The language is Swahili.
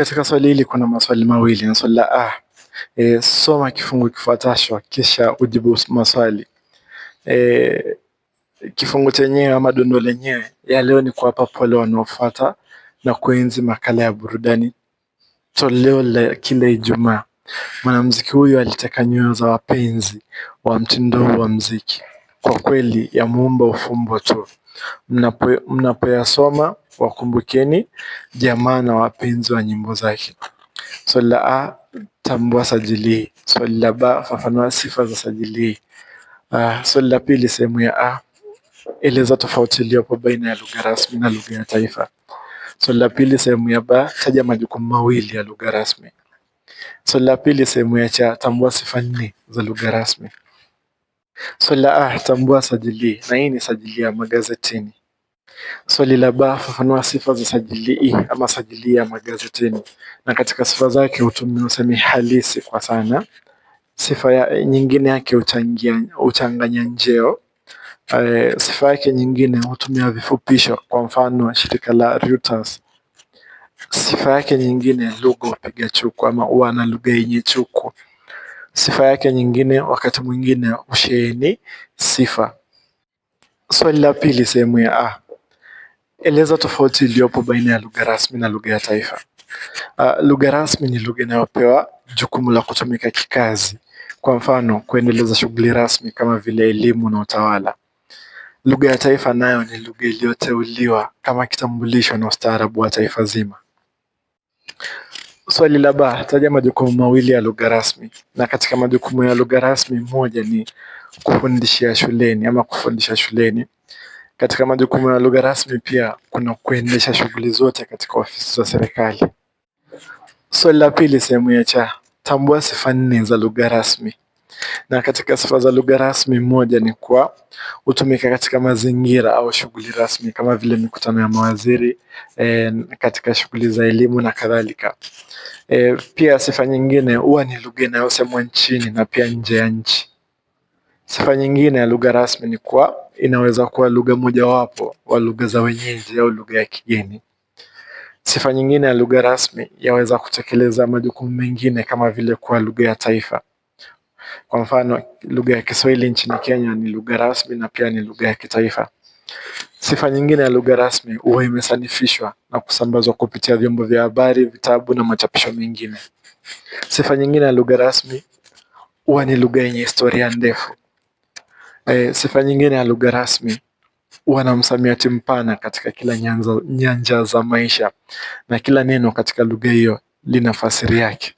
Katika swali hili kuna maswali mawili na swali la a e, soma kifungu kifuatacho kisha ujibu maswali e, kifungu chenyewe ama dondo lenyewe ya leo ni kuwapa pole wanaofuata na kuenzi makala ya burudani toleo la kila Ijumaa. Mwanamuziki huyu aliteka nyoyo za wapenzi wa mtindo wa muziki kwa kweli ya muumba ufumbo tu. Mnapoyasoma wakumbukeni jamaa na wapenzi wa nyimbo zake. Swali la a, tambua sajili. Swali la b fafanua sifa za sajili. Uh, swali la pili sehemu ya a, eleza tofauti iliyopo baina ya lugha rasmi na lugha ya taifa. Swali la pili sehemu ya b taja majukumu mawili ya lugha rasmi. Swali la pili sehemu ya cha, tambua sifa nne za lugha rasmi. Swali la A, tambua sajili na hii ni sajili ya magazetini. Swali la B, fafanua sifa za sajili hii e, ama sajili ya magazetini, na katika sifa zake hutumia usemi halisi kwa sana. Sifa ya, nyingine yake huchangia uchanganya njeo. Eh, sifa yake nyingine hutumia vifupisho, kwa mfano shirika la Reuters. Sifa yake nyingine lugha hupiga chuku ama huwa na lugha yenye chuku. Sifa yake nyingine wakati mwingine usheheni sifa. Swali la pili sehemu ya A, eleza tofauti iliyopo baina ya lugha rasmi na lugha ya taifa. Uh, lugha rasmi ni lugha inayopewa jukumu la kutumika kikazi, kwa mfano kuendeleza shughuli rasmi kama vile elimu na utawala. Lugha ya taifa nayo ni lugha iliyoteuliwa kama kitambulisho na ustaarabu wa taifa zima. Swali la ba, taja majukumu mawili ya lugha rasmi. Na katika majukumu ya lugha rasmi, moja ni kufundishia shuleni ama kufundisha shuleni. Katika majukumu ya lugha rasmi pia kuna kuendesha shughuli zote katika ofisi za serikali. Swali la pili sehemu ya cha, tambua sifa nne za lugha rasmi. Na katika sifa za lugha rasmi, moja ni kuwa hutumika katika mazingira au shughuli rasmi kama vile mikutano ya mawaziri e, katika shughuli za elimu na kadhalika. E, pia sifa nyingine huwa ni lugha inayosemwa nchini na pia nje ya nchi. Sifa nyingine ya lugha rasmi ni kuwa inaweza kuwa lugha mojawapo wa lugha za wenyeji au lugha ya kigeni. Sifa nyingine ya lugha rasmi yaweza kutekeleza majukumu mengine kama vile kuwa lugha ya taifa. Kwa mfano, lugha ya Kiswahili nchini Kenya ni lugha rasmi na pia ni lugha ya kitaifa. Sifa nyingine ya lugha rasmi huwa imesanifishwa na kusambazwa kupitia vyombo vya habari, vitabu na machapisho mengine. Sifa nyingine ya lugha rasmi huwa ni lugha yenye historia ndefu. E, sifa nyingine ya lugha rasmi huwa na msamiati mpana katika kila nyanza, nyanja za maisha na kila neno katika lugha hiyo lina fasiri yake.